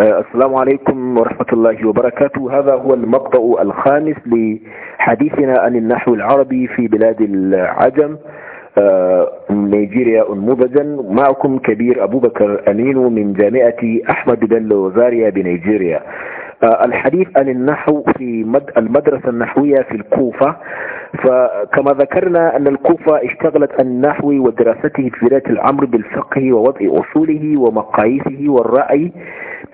آه، السلام عليكم ورحمة الله وبركاته هذا هو المقطع الخامس لحديثنا عن النحو العربي في بلاد العجم آه، نيجيريا أنموذجا معكم كبير أبو بكر أمين من جامعة أحمد بن لوزاريا بنيجيريا آه، الحديث عن النحو في المدرسة النحوية في الكوفة فكما ذكرنا أن الكوفة اشتغلت النحو ودراسته في بداية العمر بالفقه ووضع أصوله ومقاييسه والرأي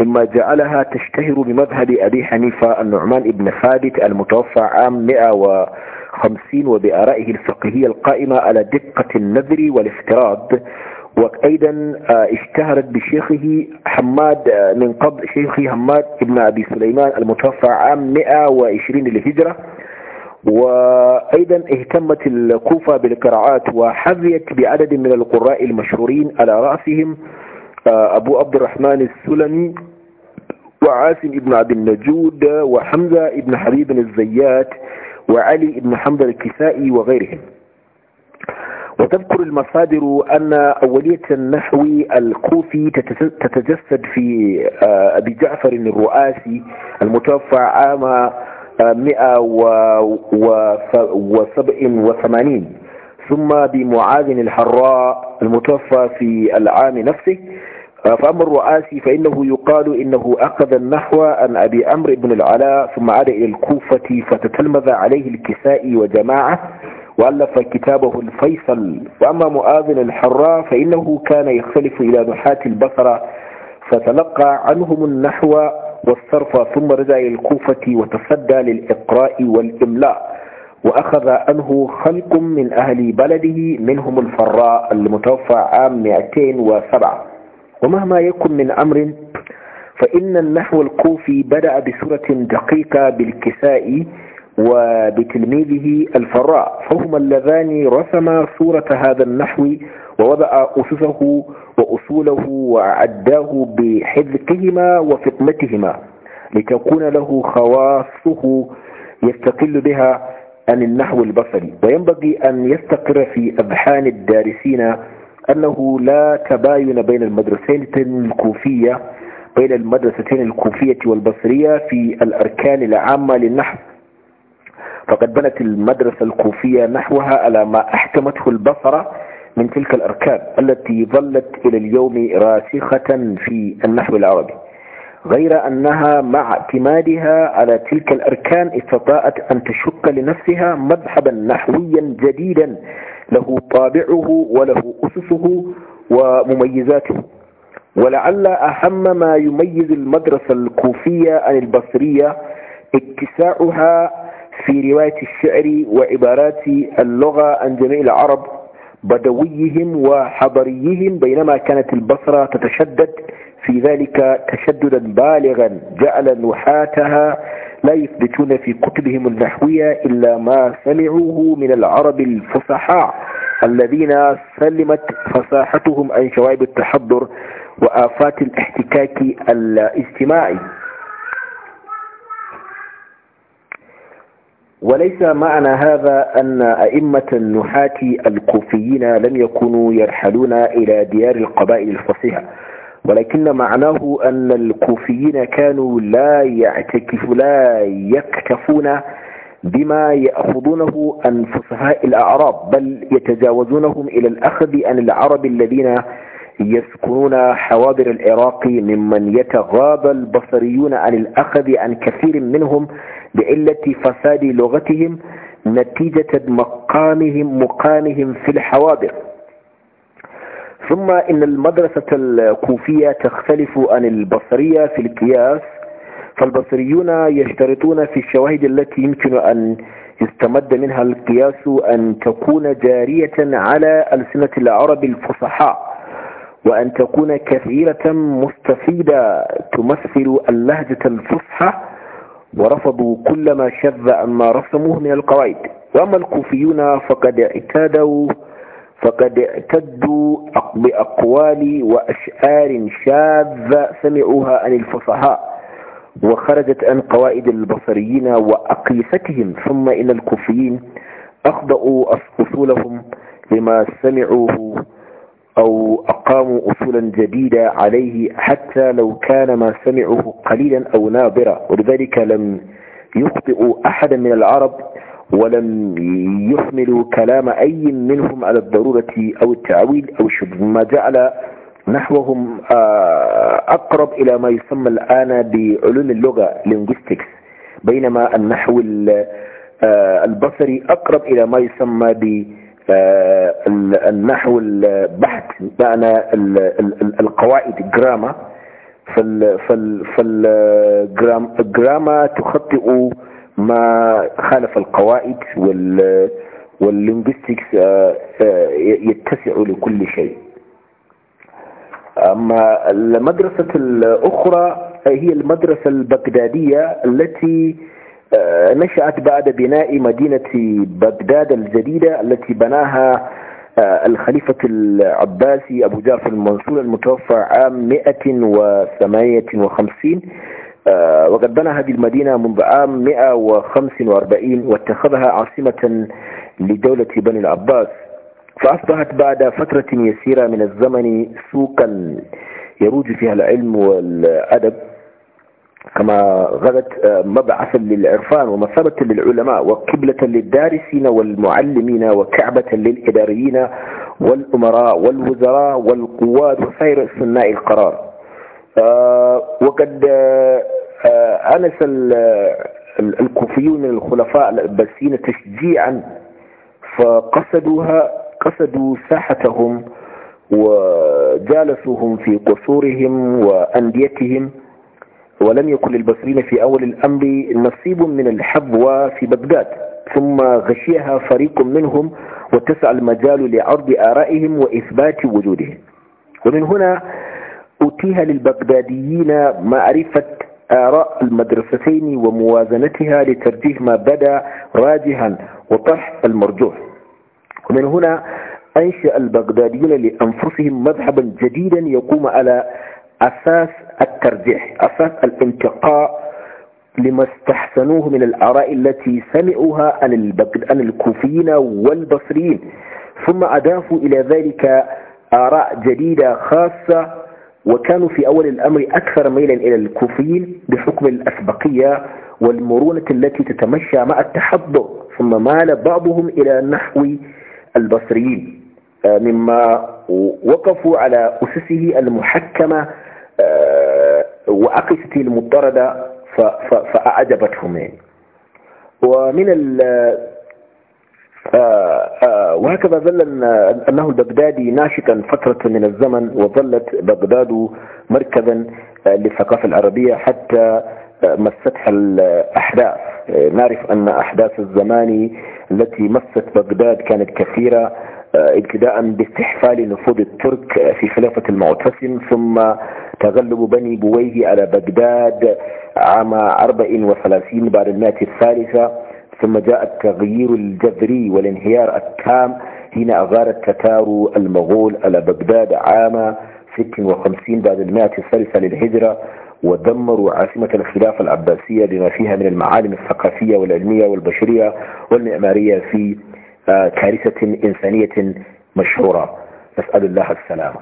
مما جعلها تشتهر بمذهب أبي حنيفة النعمان بن ثابت المتوفى عام 150 وبآرائه الفقهية القائمة على دقة النذر والافتراض وأيضا آه، اشتهرت بشيخه حماد آه، من قبل شيخه حماد بن أبي سليمان المتوفى عام 120 للهجرة وأيضا اهتمت الكوفة بالقراءات وحظيت بعدد من القراء المشهورين على رأسهم آه، أبو عبد الرحمن السلمي وعاسم بن عبد النجود وحمزة بن حبيب الزيات وعلي بن حمد الكسائي وغيرهم وتذكر المصادر أن أولية النحو الكوفي تتجسد في آه، أبي جعفر الرؤاسي المتوفى عام 187 آه، ثم بمعاذ الحراء المتوفى في العام نفسه آه، فأما الرؤاسي فإنه يقال إنه أخذ النحو عن أبي عمرو بن العلاء ثم عاد إلى الكوفة فتتلمذ عليه الكسائي وجماعة وألف كتابه الفيصل وأما معاذ الحراء فإنه كان يختلف إلى نحاة البصرة فتلقى عنهم النحو والصرف ثم رجع إلى الكوفة وتصدى للإقراء والإملاء وأخذ عنه خلق من أهل بلده منهم الفراء المتوفى عام 207 ومهما يكن من أمر فإن النحو الكوفي بدأ بصورة دقيقة بالكساء وبتلميذه الفراء فهما اللذان رسما صورة هذا النحو ووضع أسسه وأصوله وعداه بحذقهما وفطنتهما لتكون له خواصه يستقل بها عن النحو البصري وينبغي أن يستقر في أذهان الدارسين أنه لا تباين بين المدرستين الكوفية بين المدرستين الكوفية والبصرية في الأركان العامة للنحو فقد بنت المدرسة الكوفية نحوها على ما أحكمته البصرة من تلك الأركان التي ظلت إلى اليوم راسخة في النحو العربي غير أنها مع اعتمادها على تلك الأركان استطاعت أن تشق لنفسها مذهبا نحويا جديدا له طابعه وله أسسه ومميزاته ولعل أهم ما يميز المدرسة الكوفية عن البصرية اتساعها في رواية الشعر وعبارات اللغة عن جميع العرب بدويهم وحضريهم بينما كانت البصرة تتشدد في ذلك تشددا بالغا جعل نحاتها لا يثبتون في كتبهم النحوية إلا ما سمعوه من العرب الفصحاء الذين سلمت فصاحتهم عن شوائب التحضر وآفات الاحتكاك الاجتماعي وليس معنى هذا أن أئمة النحاة الكوفيين لم يكونوا يرحلون إلى ديار القبائل الفصيحة ولكن معناه أن الكوفيين كانوا لا يعتكف لا يكتفون بما يأخذونه عن فصهاء الأعراب بل يتجاوزونهم إلى الأخذ عن العرب الذين يسكنون حواضر العراق ممن يتغاضى البصريون عن الأخذ عن كثير منهم بعلة فساد لغتهم نتيجة مقامهم مقامهم في الحواضر ثم إن المدرسة الكوفية تختلف عن البصرية في القياس فالبصريون يشترطون في الشواهد التي يمكن أن يستمد منها القياس أن تكون جارية على ألسنة العرب الفصحاء وأن تكون كثيرة مستفيدة تمثل اللهجة الفصحى ورفضوا كل ما شذ عما رسموه من القواعد وأما الكوفيون فقد اعتادوا فقد اعتدوا بأقوال وأشعار شاذة سمعوها عن الفصحاء وخرجت عن قوائد البصريين وأقيستهم ثم إن الكوفيين أخضعوا أصولهم لما سمعوه أو أقاموا أصولا جديدة عليه حتى لو كان ما سمعوه قليلا أو نابرا ولذلك لم يخطئوا أحدا من العرب ولم يحملوا كلام أي منهم على الضرورة أو التعويل أو الشبه ما جعل نحوهم آه، أقرب إلى ما يسمى الآن بعلوم اللغة linguistics بينما النحو آه، البصري أقرب إلى ما يسمى بالنحو آه، البحث معنى القواعد جراما فالجراما تخطئ ما خالف القواعد وال واللينجستكس آه، آه، يتسع لكل شيء أما المدرسة الأخرى هي المدرسة البغدادية التي آه، نشأت بعد بناء مدينة بغداد الجديدة التي بناها الخليفة العباسي أبو جعفر المنصور المتوفى عام 158 آه، وقد بنى هذه المدينة منذ عام 145 واتخذها عاصمة لدولة بني العباس فأصبحت بعد فترة يسيرة من الزمن سوقا يروج فيها العلم والأدب كما غدت آه، مبعثا للعرفان ومثابة للعلماء وقبلة للدارسين والمعلمين وكعبة للإداريين والأمراء والوزراء والقواد وسائر صناع القرار آه، وقد آه، أنس الكوفيون من الخلفاء العباسيين تشجيعا فقصدوها قصدوا ساحتهم وجالسوهم في قصورهم وأنديتهم ولم يكن للبصريين في أول الأمر نصيب من الحبوة في بغداد ثم غشيها فريق منهم واتسع المجال لعرض آرائهم وإثبات وجودهم ومن هنا أتيها للبغداديين معرفة آراء المدرستين وموازنتها لترجيح ما بدا راجحا وطرح المرجوح ومن هنا أنشأ البغداديون لأنفسهم مذهبا جديدا يقوم على أساس الترجيح أساس الانتقاء لما استحسنوه من الآراء التي سمعوها عن الكوفيين والبصريين ثم أضافوا إلى ذلك آراء جديدة خاصة وكانوا في أول الأمر أكثر ميلا إلى الكوفيين بحكم الأسبقية والمرونة التي تتمشى مع التحضر ثم مال بعضهم إلى نحو البصريين آه، مما وقفوا على أسسه المحكمة وأقسته المضطردة فأعجبتهم يعني ومن آه، آه، وهكذا ظل أنه البغدادي ناشطا فترة من الزمن وظلت بغداد مركزا آه، للثقافة العربية حتى آه، مستها الأحداث آه، نعرف أن أحداث الزمان التي مست بغداد كانت كثيرة ابتداء باستحفال نفوذ الترك في خلافة المعتصم ثم تغلب بني بويه على بغداد عام 34 بعد المئة الثالثة ثم جاء التغيير الجذري والانهيار التام حين أغار التتار المغول على بغداد عام 56 بعد المائة الثالثة للهجرة ودمروا عاصمة الخلافة العباسية لما فيها من المعالم الثقافية والعلمية والبشرية والمعمارية في آه، كارثة إنسانية مشهورة نسأل الله السلامة